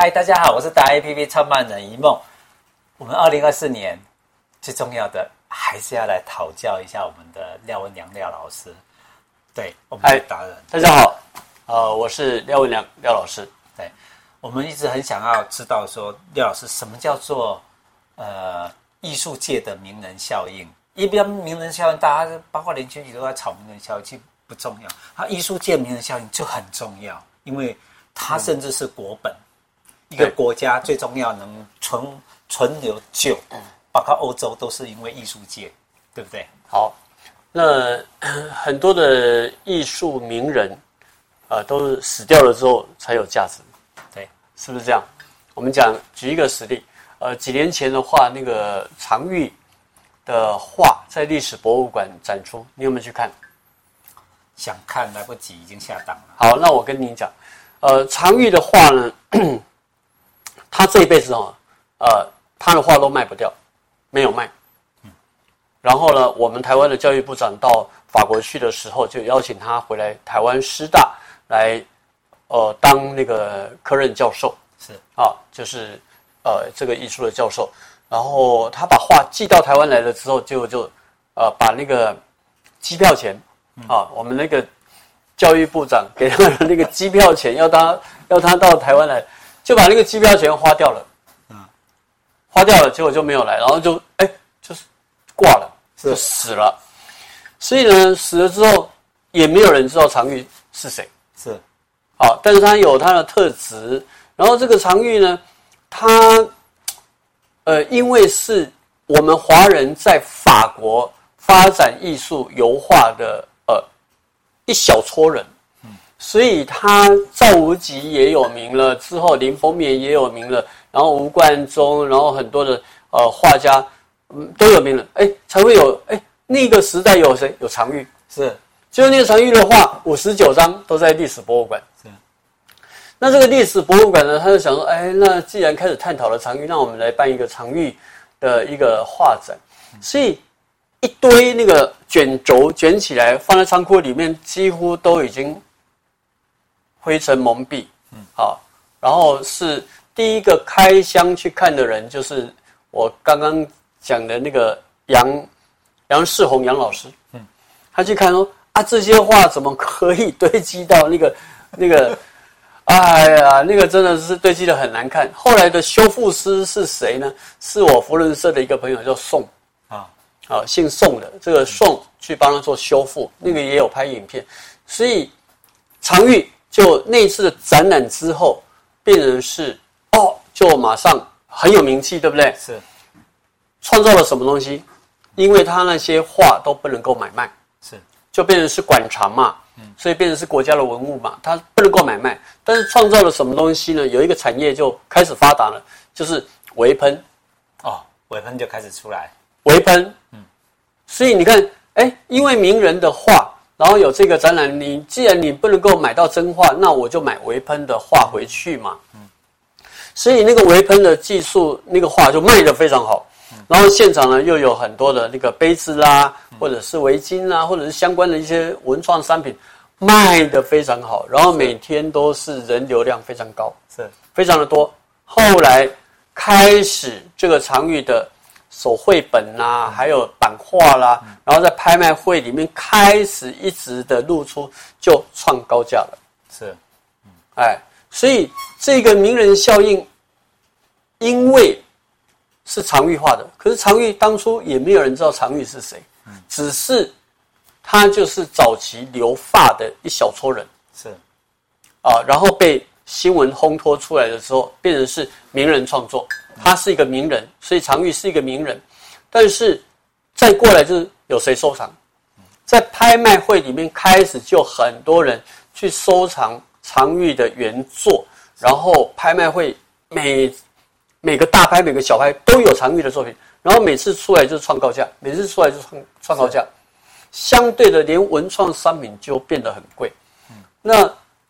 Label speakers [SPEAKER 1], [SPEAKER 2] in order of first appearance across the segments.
[SPEAKER 1] 嗨，大家好，我是達 A P P 創辦人一夢。我們二零二四年最重要的還是要來討教一下我們的廖文良廖老師。對，我們的達人，Hi, 大家好，呃，我是廖文良廖老師。對，我們一直很想要知道說，廖老師什麼叫做呃藝術界的名人效應？一般名人效應，大家包括年輕人都在炒名人效應，其實不重要。他藝術界名人效應就很重要，因為他甚至是國本。嗯一個國家最重要能存存留久，包括歐洲都是因為藝術界，對不對？
[SPEAKER 2] 好，那很多的藝術名人，啊、呃，都是死掉了之後才有價值，對，是不是這樣？我們講舉一個實例，呃，幾年前的話，那個常玉的畫在歷史博物館展出，你有沒有去看？想看來不及，已經下檔了。好，那我跟你講，呃，常玉的畫呢？ 他這一輩子哦，呃，他的畫都賣不掉，沒有賣。嗯，然後呢，我們台灣的教育部長到法國去的時候，就邀請他回來台灣師大來，呃，當那個客座教授。是啊，就是呃，這個藝術的教授。然後他把畫寄到台灣來了之後就，就就呃，把那個機票錢啊，我們那個教育部長給他的那個機票錢，要他要他到台灣來。就把那個機票錢花掉了，嗯，花掉了，結果就沒有來，然後就哎，就是掛了，就死了。所以呢，死了之後也沒有人知道常玉是誰，是，好，但是他有他的特質。然後這個常玉呢，他，呃，因為是我們華人在法國發展藝術油畫的呃一小撮人。所以他趙無極也有名了，之後林風眠也有名了，然後吳冠中，然後很多的呃畫家，嗯都有名了，哎才會有哎那個時代有誰？有常玉。是，就是那個常玉的畫五十九張都在歷史博物館。是，那這個歷史博物館呢，他就想說，哎，那既然開始探討了常玉，那我們來辦一個常玉的一個畫展。所以一堆那個卷軸卷起來放在倉庫裡面，幾乎都已經。灰塵蒙蔽，好、啊，然後是第一個開箱去看的人，就是我剛剛講的那個楊楊世宏楊老師，他去看說啊，這些畫怎麼可以堆積到那個那個，哎呀，那個真的是堆積得很難看。後來的修復師是誰呢？是我扶輪社的一個朋友叫宋啊，啊，姓宋的，這個宋去幫他做修復，那個也有拍影片，所以常玉。就那次的展覽之後，變成是哦，就馬上很有名氣，對不對？是，創造了什麼東西？因為他那些畫都不能夠買賣，是，就變成是館藏嘛，嗯，所以變成是國家的文物嘛，它不能夠買賣，但是創造了什麼東西呢？有一個產業就開始發達了，就是微噴，哦，微噴就開始出來，微噴，嗯，所以你看，哎，欸，因為名人的話。然後有這個展覽，你既然你不能夠買到真畫，那我就買微噴的畫回去嘛。所以那個微噴的技術，那個畫就賣得非常好。然後現場呢又有很多的那個杯子啦、啊，或者是圍巾啊，或者是相關的一些文創商品，賣得非常好。然後每天都是人流量非常高，是，非常的多。後來開始這個長玉的。手繪本啦、啊嗯，還有版畫啦、嗯嗯，然後在拍賣會裡面開始一直的露出，就創高價了。是、嗯，哎，所以這個名人效應，因為是常玉畫的，可是常玉當初也沒有人知道常玉是誰、嗯，只是他就是早期留法的一小撮人，是，啊，然後被。新聞烘托出來的時候，變成是名人創作，他是一個名人，所以常玉是一個名人。但是再過來就是有誰收藏，在拍賣會裡面開始就很多人去收藏常玉的原作，然後拍賣會每每個大拍每個小拍都有常玉的作品，然後每次出來就是創高價，每次出來就創創高價。相對的，連文創商品就變得很貴。那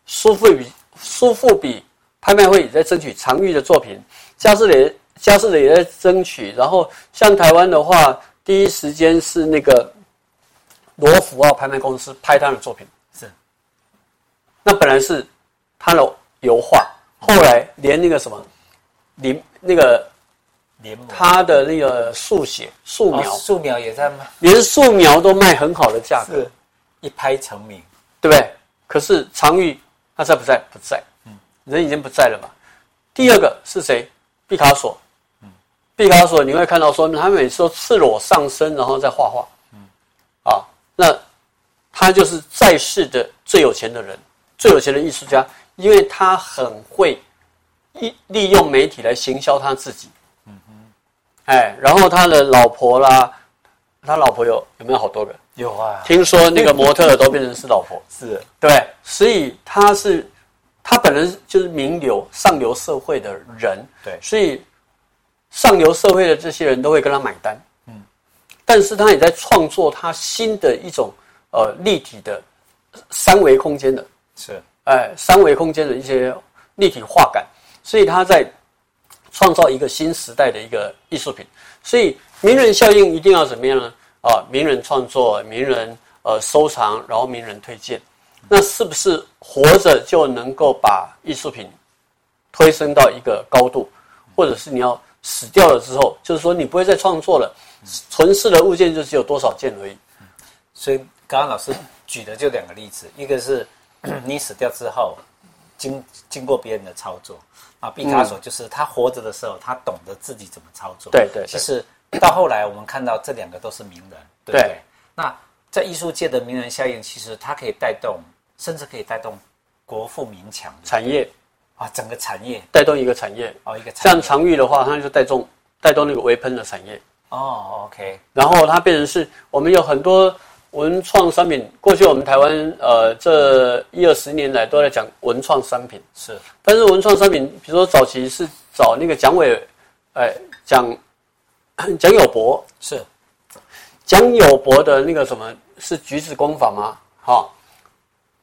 [SPEAKER 2] 蘇富比。蘇富比拍賣會也在爭取常玉的作品，佳士得、佳士得也在爭取。然後像台灣的話，第一時間是那個羅福奧拍賣公司拍他的作品，是。那本來是他的油畫，後來連那個什麼，聯、嗯、那個，他的那個速寫、素描、哦、素
[SPEAKER 1] 描也在賣
[SPEAKER 2] 連素描都賣很好的價格是，一拍成名，對不對？可是常玉。他在不在？不在，嗯，人已經不在了吧？第二個是誰？畢卡索，嗯，畢卡索你會看到說，他每次都赤裸上身，然後在畫畫，嗯，啊，那他就是在世的最有錢的人，最有錢的藝術家，因為他很會利利用媒體來行銷他自己，嗯哼，哎，然後他的老婆啦，他老婆有有沒有好多個？有啊，聽說那個模特都變成是老婆，是對，所以他是，他本人就是名流上流社會的人，對，所以上流社會的這些人都會跟他買單，嗯，但是他也在創作他新的一種呃立體的三維空間的，
[SPEAKER 1] 是，
[SPEAKER 2] 哎、呃，三維空間的一些立體畫感，所以他在創造一個新時代的一個藝術品，所以名人效應一定要怎麼樣呢？啊，名人創作，名人呃收藏，然後名人推薦，那是不是活着就能夠把藝術品推升到一個高度？或者是你要死掉了之後，就是說你不會再創作了，存世的物件就只有多少件而已。所以剛剛老師舉的就兩個例子，
[SPEAKER 1] 一個是你死掉之後經，經經過別人的操作啊，畢加索就是他活着的時候，他懂得自己怎麼操作。對、嗯、對，其實。到後來，我們看到這兩個都是名人，對不對？那在藝術界的名人效應，其實它可以帶動，甚至可以帶動國富民強
[SPEAKER 2] 產業啊，整個產業帶動一個產業哦，一個產業像常玉的話，它,就帶動帶動那個微噴的產業哦，OK。然後它變成是我們有很多文創商品，過去我們台灣呃這一二十年來都在講文創商品是，但是文創商品，比如說早期是找那個蔣偉，哎、欸、蔣。講蔣友柏是蔣友柏的那個什麼是橘子工坊嗎？好、哦，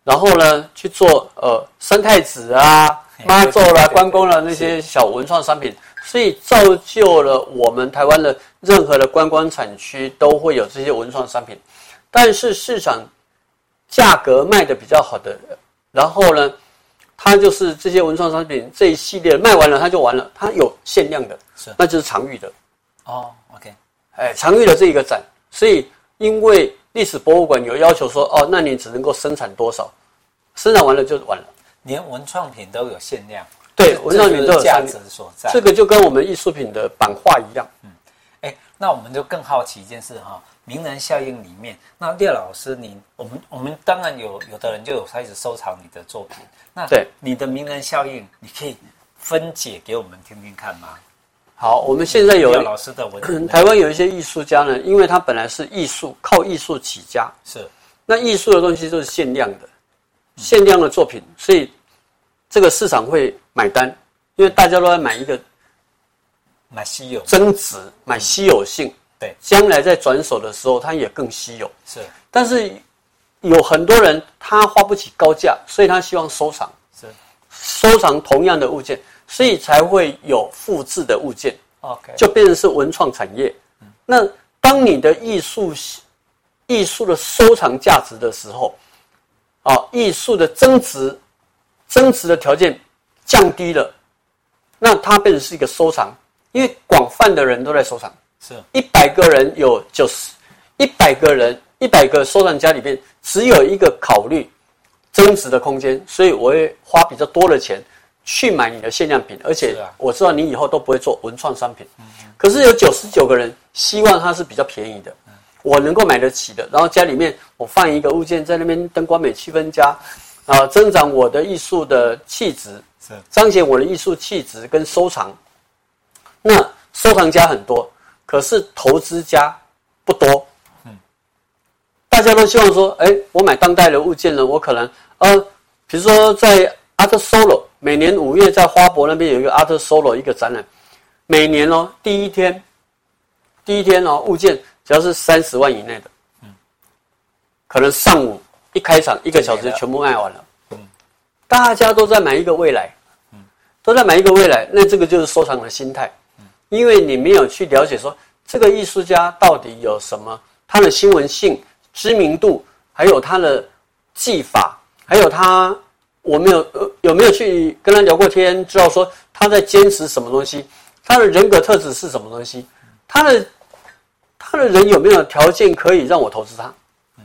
[SPEAKER 2] 然後呢去做呃三太子啊媽祖啦對對對對對關公啦那些小文創商品，所以造就了我們台灣的任何的觀光產區都會有這些文創商品。但是市場價格賣得比較好的，然後呢，它就是這些文創商品這一系列賣完了它就完了，它有限量的，是那就是常玉的。
[SPEAKER 1] 哦，OK，哎，
[SPEAKER 2] 參與了這一個展，所以因為歷史博物館有要求說，哦，那你只能夠生產多少，生產完了就完了，連文創品都有限量。對，文創品的價值所在，這個就跟我們藝術品的版畫一樣。
[SPEAKER 1] 嗯，哎，那我們就更好奇一件事哈，名人效應裡面，那廖老師，你我們我們當然有有的人就有開始收藏你的作品，那對，你的名人效應，你可以分解給我們聽聽看嗎？
[SPEAKER 2] 好，我們現在有，台灣有一些藝術家呢，因為他本來是藝術，靠藝術起家。是，那藝術的東西就是限量的，限量的作品，所以這個市場會買單，因為大家都在買一個買稀有、增值、買稀有性。買稀有性嗯、對，將來在轉手的時候，它也更稀有。是，但是有很多人他花不起高價，所以他希望收藏。收藏同樣的物件，所以才會有複製的物件，OK，就變成是文創產業。那當你的藝術藝術的收藏價值的時候，啊，藝術的增值增值，的條件降低了，那它變成是一個收藏，因為廣泛的人都在收藏，是，一百個人有九十，一百個人一百個收藏家裡面只有一個考慮。增值的空間，所以我會花比較多的錢去買你的限量品，而且我知道你以後都不會做文創商品。可是有九十九個人希望它是比較便宜的，我能夠買得起的。然後家裡面我放一個物件在那邊，燈光美氣氛佳，啊，增長我的藝術的氣質，彰顯我的藝術氣質跟收藏。那收藏家很多，可是投資家不多。大家都希望說，哎，我買當代的物件呢？我可能。呃，比如說在 Art Solo，每年五月在花博那邊有一個 Art Solo 一個展覽，每年哦、喔、第一天，第一天哦、喔、物件只要是三十萬以內的，嗯，可能上午一開場一個小時就全部賣完了，嗯，大家都在買一個未來，嗯，都在買一個未來，那這個就是收藏的心態，因為你沒有去了解說這個藝術家到底有什麼，他的新聞性、知名度，還有他的技法。還有他，我沒有呃有沒有去跟他聊過天，知道說他在堅持什麼東西，他的人格特質是什麼東西，他的他的人有沒有條件可以讓我投資他？嗯，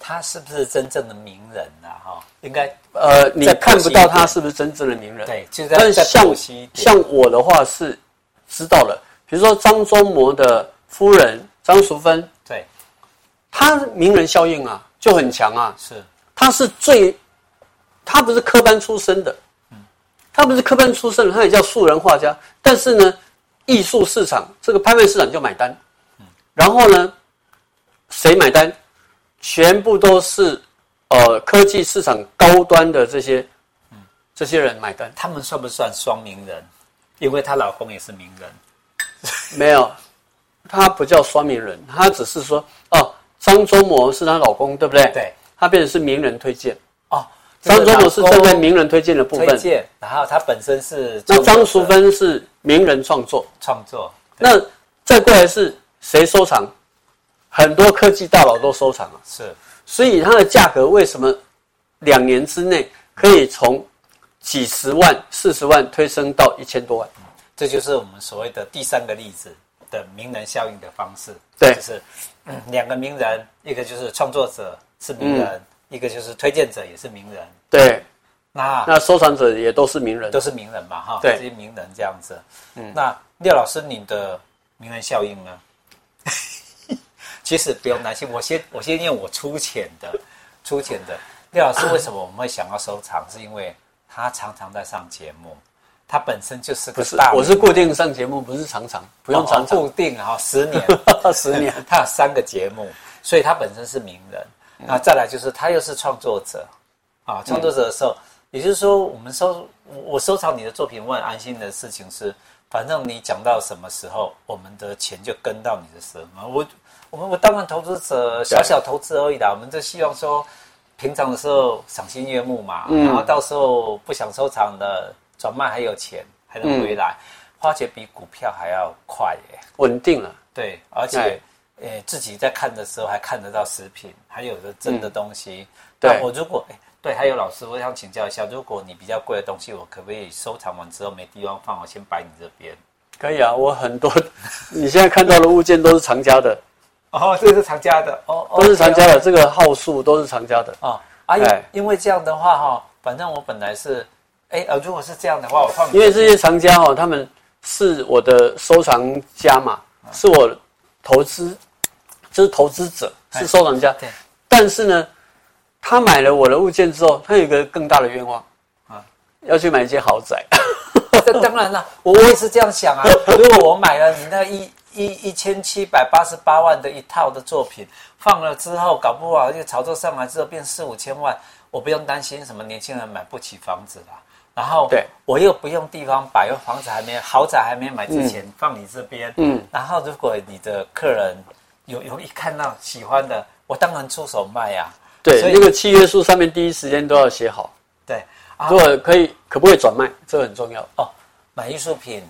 [SPEAKER 1] 他是
[SPEAKER 2] 不是真正的名
[SPEAKER 1] 人呢？哈，應該呃你看不到他是不是
[SPEAKER 2] 真正的名人？對，現在但是像在信息。像我的話是知道了，比如說張忠謀的夫人張淑芬，對，他名人效應啊就很強啊，是。是他是最，他不是科班出身的，他不是科班出身的，他也叫素人畫家。但是呢，藝術市場這個拍賣市場就買單，然後呢，誰買單？全部都是呃科技市場高端的這些、嗯，這些人買單。他們算不算雙名人？因為她老公也是名人， 沒有，她不叫雙名人，她只是說哦，張忠謀是她老公，對不對？對。它變成是名人推薦哦，張忠謀是針對名人推薦的部分，推薦。
[SPEAKER 1] 然後他本身是那張
[SPEAKER 2] 淑芬是名人創作創作。那再過來是誰收藏？很多科技大佬都收藏了，是。所以它的價格為什麼兩年之內可以從幾十萬、四十萬推升到一千多萬？嗯、
[SPEAKER 1] 這就是我們所謂的第三個例子的名人效應的方式，對，就是、嗯、兩個名人，一個就是創作者。是名人、嗯，一個就是推薦者也是名人，對，嗯、那那收藏者也都是名人，都是名人嘛哈，對，名人這樣子。嗯，那廖老師，你的名人效應呢？ 其實不用擔心，我先我先念我粗淺的， 粗淺的。廖老師為什麼我們會想要收藏？嗯、是因為他常常在上節目，他本身就是個大不是，我是固定上節目，不是常常不用常，常、哦哦、固定哈、哦，十年 十年， 他有三個節目，所以他本身是名人。嗯、那再來就是，他又是創作者，啊，創作者的時候，嗯、也就是說，我們收我收藏你的作品，我很安心的事情是，反正你講到什麼時候，我們的錢就跟到你的時候？我我們我當然投資者，小小投資而已啦。我們就希望說，平常的時候賞心悅目嘛，嗯，然後到時候不想收藏的轉賣還有錢，還能回來，嗯、花錢比股票還要快欸，
[SPEAKER 2] 穩定了，
[SPEAKER 1] 對，而且。誒、欸，自己在看的時候還看得到食品，還有個真的東西。對、嗯、我如果誒、欸，對，還有老師，我想請教一下，如果你比較貴的東西，我可不可以收藏完之後沒地方放，我先擺你這邊？
[SPEAKER 2] 可以啊，我很多， 你現在看到的物件都是藏家、， 哦、家的。
[SPEAKER 1] 哦，這個是藏家的哦，都是藏家的，哦、okay, okay.
[SPEAKER 2] 這個號數都是藏家的、哦、啊。阿因為
[SPEAKER 1] 因為這樣的話哈，反正我本來是、欸，呃，如果是這樣的話，我放。因為
[SPEAKER 2] 這些藏家哈，他們是我的收藏家嘛，是我投資。就是投資者是收藏家嘿嘿，對。但是呢，他買了我的物件之後，他有一個更大的願望啊，要去買一些豪宅。
[SPEAKER 1] 那 當然了，
[SPEAKER 2] 我也是這樣想啊。如果,如果我買了你那一一一千七百八十八萬的
[SPEAKER 1] 一套的作品，放了之後，搞不好一個炒作上來之後變四五千萬，我不用擔心什麼年輕人買不起房子啦。然後，對我又不用地方擺，因為房子還沒豪宅還沒買之前放你這邊、嗯。嗯。然後，如果你的客人。有有一看到喜歡的，我當然出手賣啊！
[SPEAKER 2] 對，所以，那個契約書上面第一時間都要寫好。對，如果可以，啊、可不可以轉賣，這個、很重要哦。買藝
[SPEAKER 1] 術品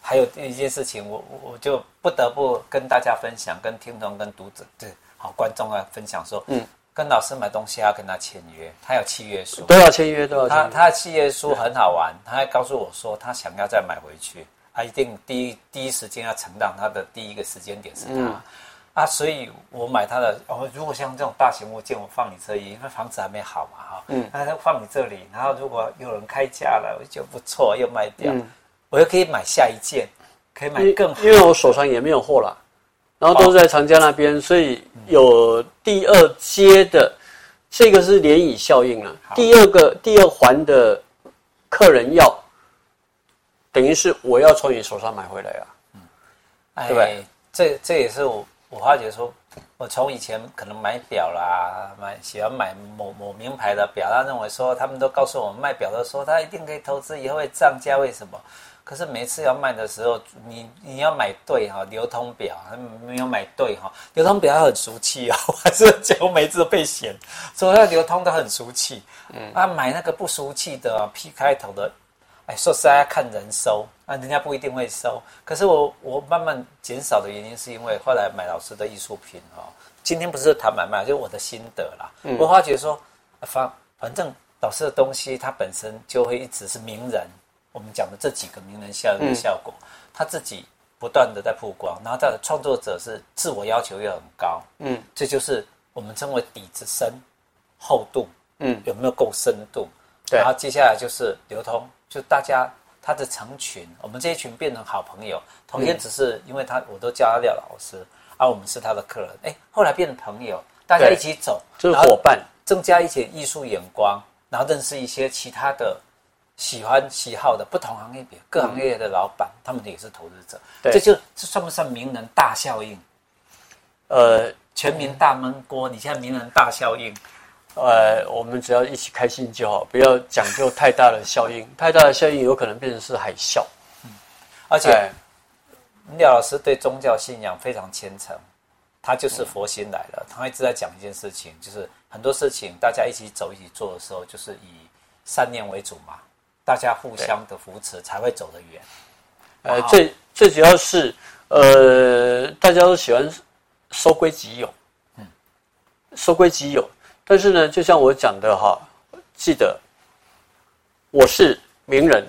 [SPEAKER 1] 還有一件事情，我我就不得不跟大家分享，跟聽眾跟讀者對好觀眾啊分享說，嗯，跟老師買東西要跟他簽約，他有契約書，都要
[SPEAKER 2] 簽約，都要。他他
[SPEAKER 1] 的契約書很好玩，他還告訴我說，他想要再買回去，他一定第一第一時間要承擔，他的第一個時間點是他。嗯啊，所以我買他的。哦，如果像這種大型物件，我放你這裡，因為房子還沒好嘛，哈。嗯。那、啊、放你這裡，然後如果有人開價了，我就不錯，又賣掉、嗯，我又
[SPEAKER 2] 可以買下一件，可以買更好。因為我手上也沒有貨了，然後都是在長江那邊、哦，所以有第二階的、嗯，這個是漣漪效應了。第二個，第二環的客人要，等於是我要從你手上買回來啊。嗯。
[SPEAKER 1] 哎、對吧？這這也是我。我發覺說，我從以前可能買錶啦，買，喜歡買某某名牌的錶，他認為說他們都告訴我賣錶的時候，他一定可以投資，以後會漲價，為什麼？可是每次要賣的時候，你你要買對哈、哦、流通錶，沒有買對哈、哦、流通錶很俗氣哦，還是我每次都被嫌，說要流通的很俗氣，嗯啊買那個不俗氣的 P 開頭的。哎，說實在，要看人收，那人家不一定會收。可是我我慢慢減少的原因，是因為後來買老師的藝術品哦。今天不是談買賣，就是我的心得啦。嗯。我發覺說，反反正老師的東西，它本身就會一直是名人。我們講的這幾個名人效應的效果，嗯。他自己不斷的在曝光，然後他的創作者是自我要求又很高。嗯。這就是我們稱為底子深、厚度。嗯。有沒有夠深度？對。然後接下來就是流通。就大家，他的成群，我們這一群變成好朋友。同樣只是因為他，我都叫他廖老師，而、嗯啊、我們是他的客人。哎、欸，後來變成朋友，大家一起走，就是夥伴，增加一些藝術眼、就是，眼光，然後認識一些其他的喜歡、喜好的不同行業、別各行業的老闆，嗯、他們也是投資者對。這就這算不算名人大效應？
[SPEAKER 2] 呃，全民大燜鍋，你現在名人大效應。呃，我們只要一起開心就好，不要講究太大的效應，太大的效應有可能變成是海嘯。嗯，而且，
[SPEAKER 1] 呃，廖老師對宗教信仰非常虔誠，他就是佛心來了。嗯，他一直在講一件事情，就是很多事情大家一起走一起做的時候，就是以善念為主嘛，大家互相的扶持才會走得遠。
[SPEAKER 2] 呃，最最主要是，呃，大家都喜歡收歸己有，嗯，收歸己有。但是呢，就像我講的哈，記得我是名人，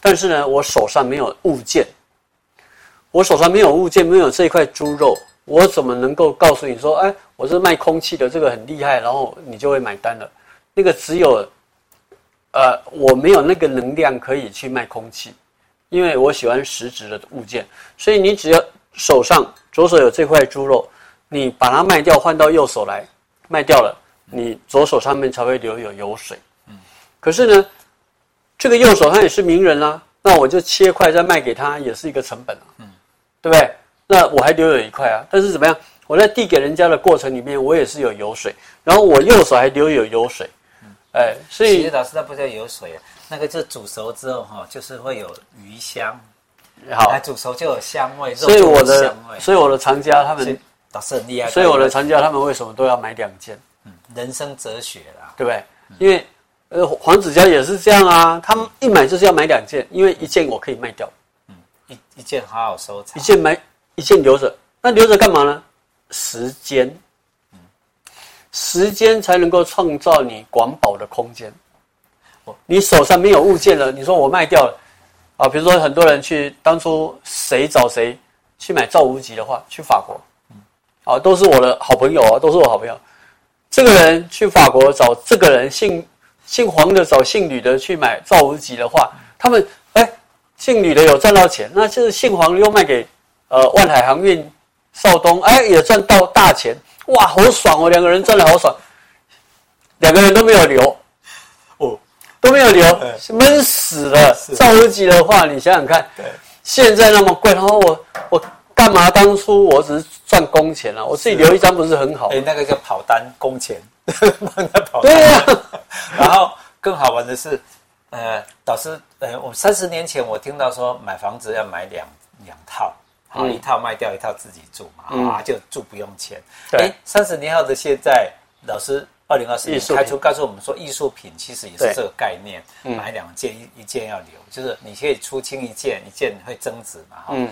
[SPEAKER 2] 但是呢，我手上沒有物件，我手上沒有物件，沒有這塊豬肉，我怎麼能夠告訴你說，哎，我是賣空氣的，這個很厲害，然後你就會買單了。那個只有，呃，我沒有那個能量可以去賣空氣，因為我喜歡實質的物件，所以你只要手上左手有這塊豬肉，你把它賣掉，換到右手來。賣掉了，你左手上面才會留有油水、嗯。可是呢，這個右手他也是名人啊，那我就切塊再賣給他，也是一個成本啊。嗯，對不對？那我還留有一塊啊，但是怎麼樣？我在遞給人家的過程裡面，我也是有油水，然後我右手還留有油水。哎、嗯，所以其實
[SPEAKER 1] 老師他不叫油水，那個就煮熟之後哈，就是會有魚香。好，來煮熟就有，就有香味，所以我的，所以我的藏家他們。
[SPEAKER 2] 是很厲害。所以我的藏家他們為什麼都要買
[SPEAKER 1] 兩件？嗯，人生哲學啦，對不對？
[SPEAKER 2] 嗯、因為呃，黃子佼也是這樣啊，他們一買就是要買兩件，因為一件我可以賣掉。嗯、一一件好好收藏，一件買一件留着，那留着幹嘛呢？時間，時間才能夠創造你廣保的空間。你手上沒有物件了，你說我賣掉了啊？比如說很多人去當初誰找誰去買趙無極的話，去法國。啊，都是我的好朋友啊，都是我好朋友。這個人去法國找這個人姓姓黃的，找姓呂的去買趙無極的畫，他們哎，姓呂的有賺到錢，那就是姓黃的又賣給呃萬海航運少東，哎，也賺到大錢，哇，好爽哦，兩個人賺得好爽，兩個人都沒有留，哦，都沒有留，悶死了。哎、趙無極的畫，你想想看，現在那麼貴，然後我我。幹嘛當初我只是賺工錢啊。我自己留一張不是很好是、哦欸？那個叫跑單工錢， 那跑單對、啊、
[SPEAKER 1] 然後更好玩的是，呃，老師，呃、欸，我三十年前我聽到說買房子要買兩兩套、嗯好，一套賣掉，一套自己住嘛，嗯、啊，就住不用錢。哎，三、欸、十年後的現在，老師，二零二四年開出告訴我們說藝術品其實也是這個概念，嗯、買兩件一一件要留，就是你可以出清一件，一件會增值嘛，哈。嗯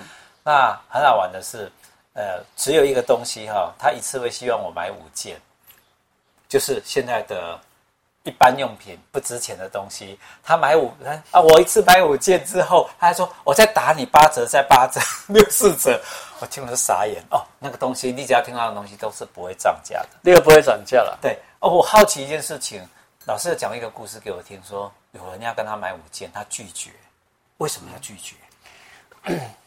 [SPEAKER 1] 那很好玩的是，呃，只有一個東西哈、哦，他一次會希望我買五件，就是現在的一般用品，不值錢的東西。他買五，啊，我一次買五件之後，他還說我再打你八折，再八折，六四折。我聽了傻眼哦，那個東西，你只要聽到的東西都是不會漲價的，那個不會漲價了。對，哦，我好奇一件事情，老師有講一個故事給我聽說，說有人要跟他買五件，他拒絕，為什麼要拒
[SPEAKER 2] 絕？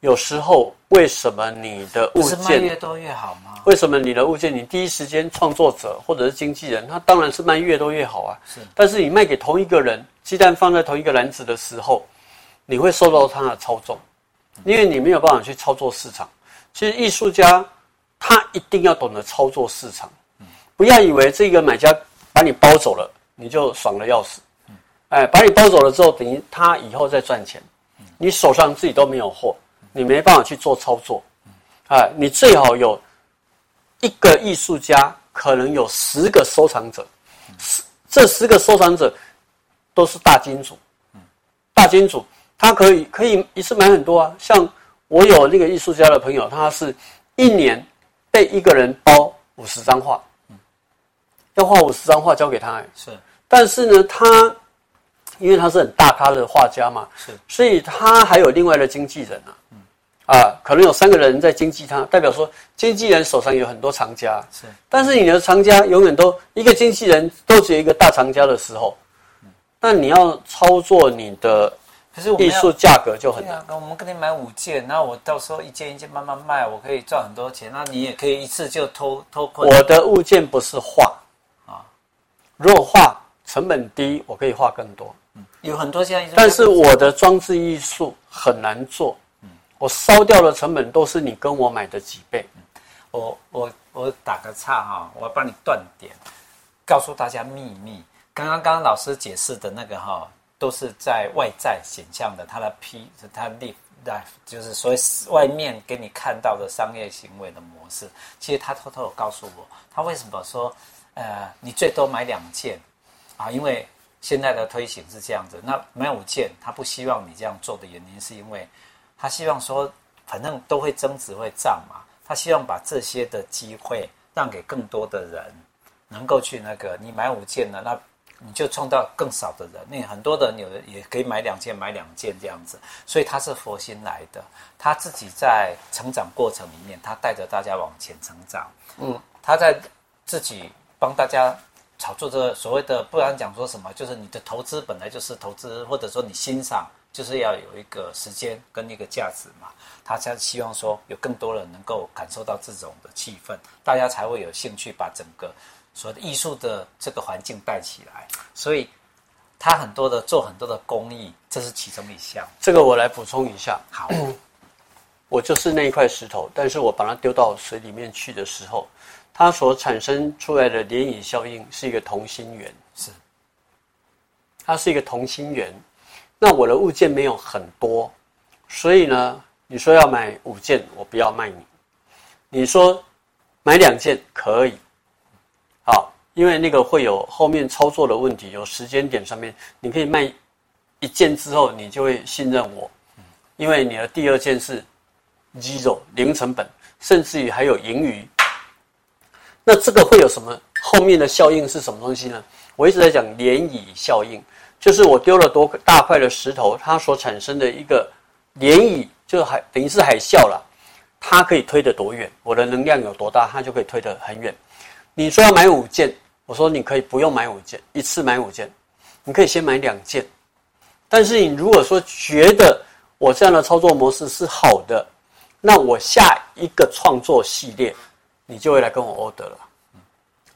[SPEAKER 2] 有時候為什麼你的物件越
[SPEAKER 1] 多越好嗎？
[SPEAKER 2] 為什麼你的物件你第一時間創作者或者是經紀人，他當然是賣越多越好啊。是，但是你賣給同一個人，雞蛋放在同一個籃子的時候，你會受到他的操縱，因為你沒有辦法去操作市場。其實藝術家他一定要懂得操作市場，不要以為這個買家把你包走了，你就爽得要死。哎，把你包走了之後，等於他以後再賺錢，你手上自己都沒有貨。你沒辦法去做操作，嗯、啊！你最好有一個藝術家，可能有十個收藏者，嗯，這十個收藏者都是大金主，嗯、大金主，他可以可以一次買很多啊。像我有那個藝術家的朋友，他是一年被一個人包五十張畫，嗯、要畫五十張畫交給他，是。但是呢，他因為他是很大咖的畫家嘛，是，所以他還有另外的經紀人、啊嗯啊，可能有三個人在經紀他，代表說，經紀人手上有很多藏家，是。但是你的藏家永遠都一個經紀人都只有一個大藏家的時候，那你要操作你的，可是我藝術價格就很難。
[SPEAKER 1] 我們給你買五件，那我到時候一件一件慢慢賣，我可以賺很多錢。那你也可以一次就偷偷困。我的
[SPEAKER 2] 物件不是畫啊，如果畫成本低，我可以畫更多。嗯，
[SPEAKER 1] 有很多家，但是我
[SPEAKER 2] 的裝置藝術很難做。我燒掉的成本都是你跟我買的幾倍。
[SPEAKER 1] 我我我打個岔哈，我要幫你斷點，告訴大家秘密。剛剛剛老師解釋的那個哈，都是在外在顯像的，它的 P，它的 LIF 就是所謂外面給你看到的商業行為的模式。其實他偷偷有告訴我，他為什麼說呃，你最多買兩件啊？因為現在的推行是這樣子。那買五件，他不希望你這樣做的原因是因為。他希望說，反正都會增值會漲嘛。他希望把這些的機會讓給更多的人，能夠去那個，你買五件呢？那你就創造更少的人。那很多的人有的也可以買兩件，買兩件這樣子。所以他是佛心來的，他自己在成長過程裡面，他帶着大家往前成長。嗯，他在自己幫大家炒作這個，所謂的，不然講說什麼，就是你的投資本來就是投資，或者說你欣賞。就是要有一個時間跟一個價值嘛，他才希望說有更多人能夠感受到這種的氣氛，大家才會有興趣把整個所謂的藝術的這個環境帶起來。所以，他很多的做很多的公益，這是其
[SPEAKER 2] 中一項。這個我來補充一下。好，我就是那一塊石頭，但是我把它丟到水裡面去的時候，它所產生出來的漣漪效應是一個同心圓，是，它是一個同心圓。那我的物件沒有很多，所以呢，你說要買五件，我不要賣你。你說買兩件可以，好，因為那個會有後面操作的問題，有時間點上面，你可以賣一件之後，你就會信任我，因為你的第二件是 zero 零成本，甚至於還有盈餘。那這個會有什麼，後面的效應是什麼東西呢？我一直在講漣漪效應。就是我丟了多大塊的石頭，它所產生的一個漣漪，就海等於是海嘯啦，它可以推得多遠，我的能量有多大，它就可以推得很遠。你說要買五件，我說你可以不用買五件，一次買五件，你可以先買兩件。但是你如果說覺得我這樣的操作模式是好的，那我下一個創作系列，你就會來跟我 order 了。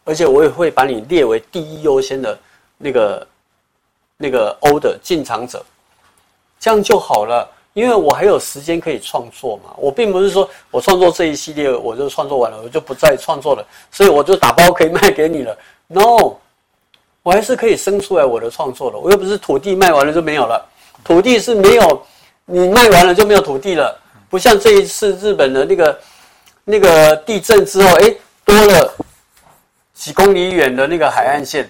[SPEAKER 2] 而且我也會把你列為第一優先的那個。那個 O 的進場者，這樣就好了，因為我還有時間可以創作嘛。我並不是說我創作這一系列我就創作完了，我就不再創作了，所以我就打包可以賣給你了。No，我還是可以生出來我的創作的。我又不是土地賣完了就沒有了，土地是沒有，你賣完了就沒有土地了，不像這一次日本的那個那個地震之後，誒，多了幾公里遠的那個海岸線。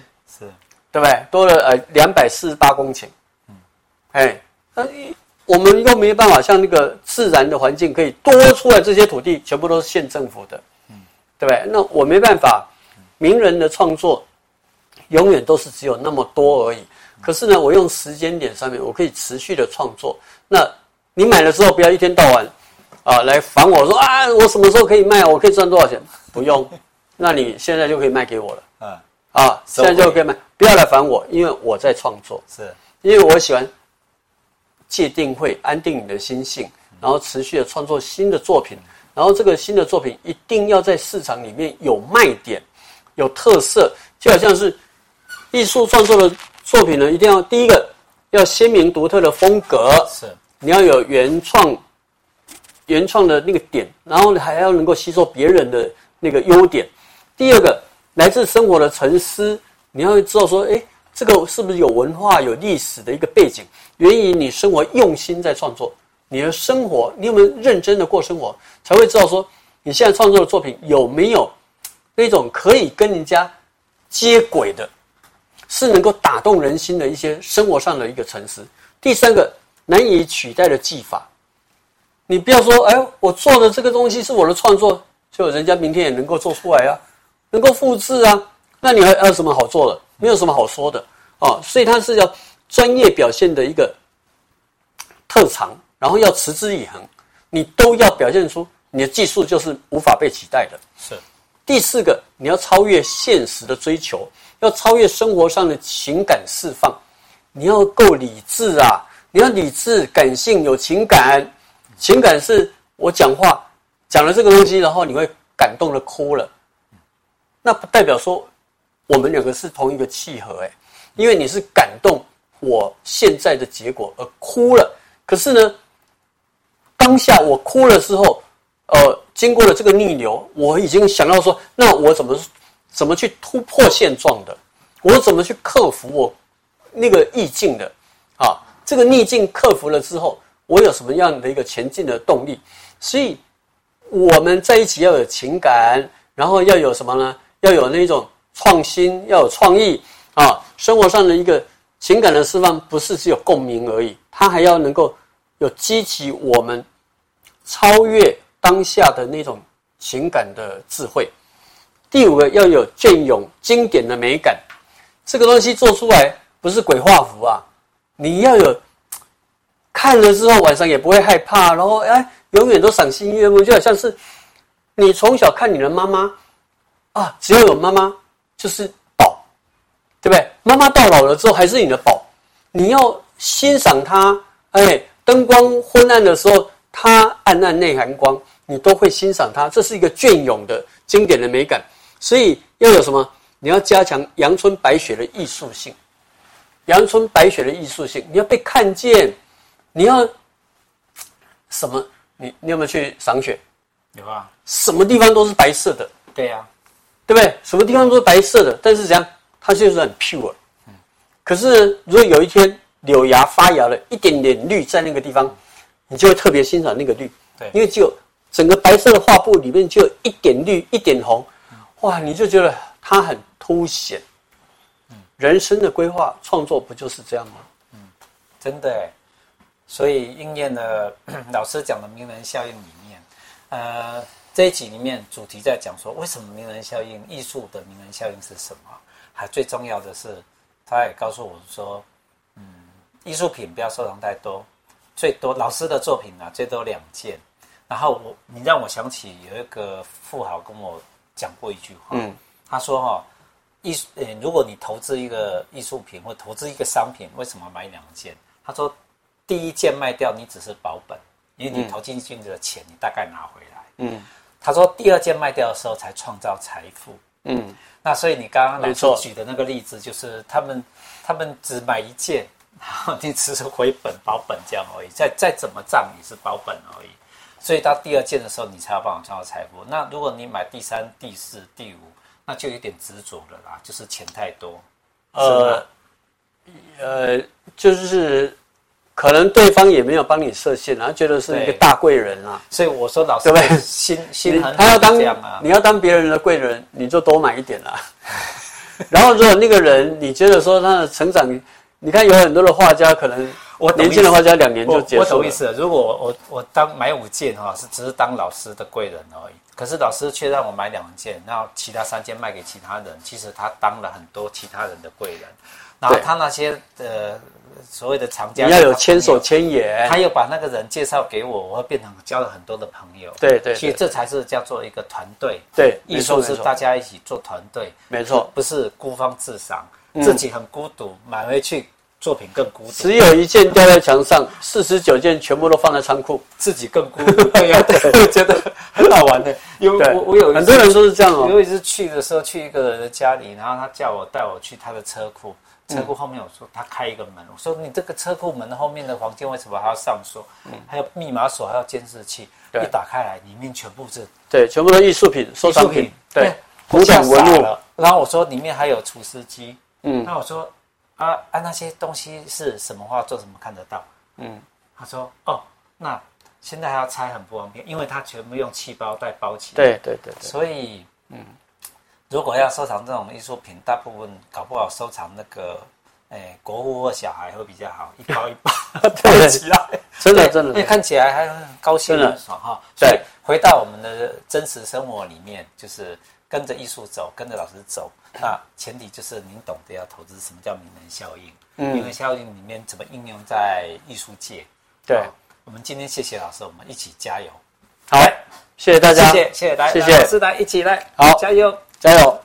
[SPEAKER 2] 對不對？多了呃兩百四十八公頃，嗯，哎、呃，那我們又沒辦法像那個自然的環境可以多出來這些土地，全部都是縣政府的，嗯，對不對？那我沒辦法，名人的創作永遠都是只有那麼多而已。可是呢，我用時間點上面，我可以持續的創作。那你買的時候不要一天到晚啊、呃、來煩我說啊，我什麼時候可以賣？我可以賺多少錢？不用，那你現在就可以賣給我了。啊，現在就 OK 嗎？以不要來煩我，因為我在創作。是，因為我喜歡界定會安定你的心性，然後持續的創作新的作品。然後這個新的作品一定要在市場裡面有賣點、有特色，就好像是藝術創作的作品呢，一定要第一個要鮮明獨特的風格。是，你要有原創、原創的那個點，然後你還要能夠吸收別人的那個優點。第二個。來自生活的沉思，你要知道說，哎，這個是不是有文化、有歷史的一個背景？源於你生活用心在創作，你的生活，你有沒有認真的過生活，才會知道說，你現在創作的作品有沒有那種可以跟人家接軌的，是能夠打動人心的一些生活上的一個沉思。第三個難以取代的技法，你不要說，哎，我做的這個東西是我的創作，就人家明天也能夠做出來啊。能夠複製啊，那你還有什麼好做的？沒有什麼好說的啊，所以它是要專業表現的一個特長，然後要持之以恆，你都要表現出你的技術就是無法被取代的。是。第四個，你要超越現實的追求，要超越生活上的情感釋放，你要夠理智啊！你要理智、感性、有情感。情感是我講話講了這個東西，然後你會感動的哭了。那不代表說，我們兩個是同一個契合哎，因為你是感動我現在的結果而哭了，可是呢，當下我哭了之後，呃，經過了這個逆流，我已經想到說，那我怎麼怎麼去突破現狀的，我怎麼去克服我那個逆境的，啊，這個逆境克服了之後，我有什麼樣的一個前進的動力？所以，我們在一起要有情感，然後要有什麼呢？要有那種創新，要有創意啊！生活上的一個情感的釋放，不是只有共鳴而已，它還要能夠有激起我們超越當下的那種情感的智慧。第五個，要有雋永經典的美感，這個東西做出來不是鬼畫符啊！你要有，看了之後晚上也不會害怕，然後哎，永遠都賞心悅目，就好像是你從小看你的媽媽。啊，只要有媽媽就是寶，對不對？媽媽到老了之後還是你的寶，你要欣賞她。哎、欸，燈光昏暗的時候，她暗暗內含光，你都會欣賞她。這是一個雋永的經典的美感。所以要有什麼？你要加強《陽春白雪》的藝術性，《陽春白雪》的藝術性，你要被看見，你要什麼？你你有沒有去賞雪？有啊，什麼地方都是白色的。對呀、啊。對不對？什麼地方都是白色的，但是怎樣？它就是很 pure。可是如果有一天柳芽發芽了一點點綠在那個地方，你就會特別欣賞那個綠。對。因為就整個白色的畫布裡面就一點綠一點紅，哇！你就覺得它很凸顯。人生的規劃創作不就是這樣嗎？嗯。真的。
[SPEAKER 1] 所以應驗了 老師講的名人效應理念，呃。這一集裡面主題在講說，為什麼名人效應？藝術的名人效應是什麼？還最重要的是，他也告訴我說，嗯，藝術品不要收藏太多，最多老師的作品啊，最多兩件。然後我你讓我想起有一個富豪跟我講過一句話，嗯，他說哈、哦，藝術、欸，如果你投資一個藝術品或投資一個商品，為什麼買兩件？他說第一件賣掉，你只是保本，因為你投進去的錢、嗯，你大概拿回來，嗯。他說：“第二件賣掉的時候才創造財富。”嗯，那所以你剛剛老師舉的那個例子，就是他們他們只買一件，然後你只是回本保本這樣而已，再再怎麼漲也是保本而已。所以到第二件的時候，你才要幫我創造財富。那如果你買第三、第四、第五，那就有點執着了啦，就是錢太多，呃，
[SPEAKER 2] 是嗎？呃，就是。可能對方也沒有幫你設限、啊，然後覺得是一個大貴人啊，所以我說老師，對不
[SPEAKER 1] 對？心心很、啊，他要當
[SPEAKER 2] 你要當別人的貴人，你就多買一點啦、啊。 然後如果那個人，你覺得說他的成長，你看有很多的畫家，可能我年輕的畫家兩年就結束了我，我懂意思。
[SPEAKER 1] 如果我我我當買五件哈，是只是當老師的貴人而已。可是老師卻讓我買兩件，然後其他三件賣給其他人，其實他當了很多其他人的貴人。然後他那些呃。所謂的藏家，要有千手千眼，他又把那個人介紹給我，我會變成交了很多的朋友。對對，對，所以這才是叫做一個團隊。對，藝術是大家一起做團隊，沒錯，不是孤芳自
[SPEAKER 2] 賞，自己很孤獨，買回去作品更孤獨。只有一件吊在牆上，四十九件全部都放在倉庫， 自己更孤獨。對我、啊、 覺得很好玩的。有我，我有一很多人說是這樣哦、喔。有一
[SPEAKER 1] 次去的時候，去一個人的家裡，然後他叫我帶我去他的車庫。車庫後面我說他開一個門，我說，你這個車庫門後面的房間為什麼還要上鎖？還有密碼鎖，還有監視器、嗯。對，一打開來，裡面全部是。
[SPEAKER 2] 對，全部都藝術品、收藏品。對，古董文物。
[SPEAKER 1] 然後我說裡面還有除濕機。嗯。那我說啊，啊那些東西是什麼話？做什麼看得到？嗯。他說哦，那現在還要拆很不方便，因為他全部用氣包袋包起來。對對對對。所以嗯。如果要收藏這種藝術品，大部分搞不好收藏那個，哎、欸，國貨或小孩會比較好，一包一包， 對，真的真的，那看起來還很高興真的很爽哈。對，回到我們的真實生活裡面，就是跟着藝術走，跟着老師走。那前提就是您懂得要投資，什麼叫名人效應、嗯？名人效應裡面怎麼應用在藝術界？對、喔，我們今天謝謝老師，我們一起加油。
[SPEAKER 2] 好，謝謝大家，謝謝，謝，謝大家，謝謝老師
[SPEAKER 1] 大家一起來，好，加油。加油！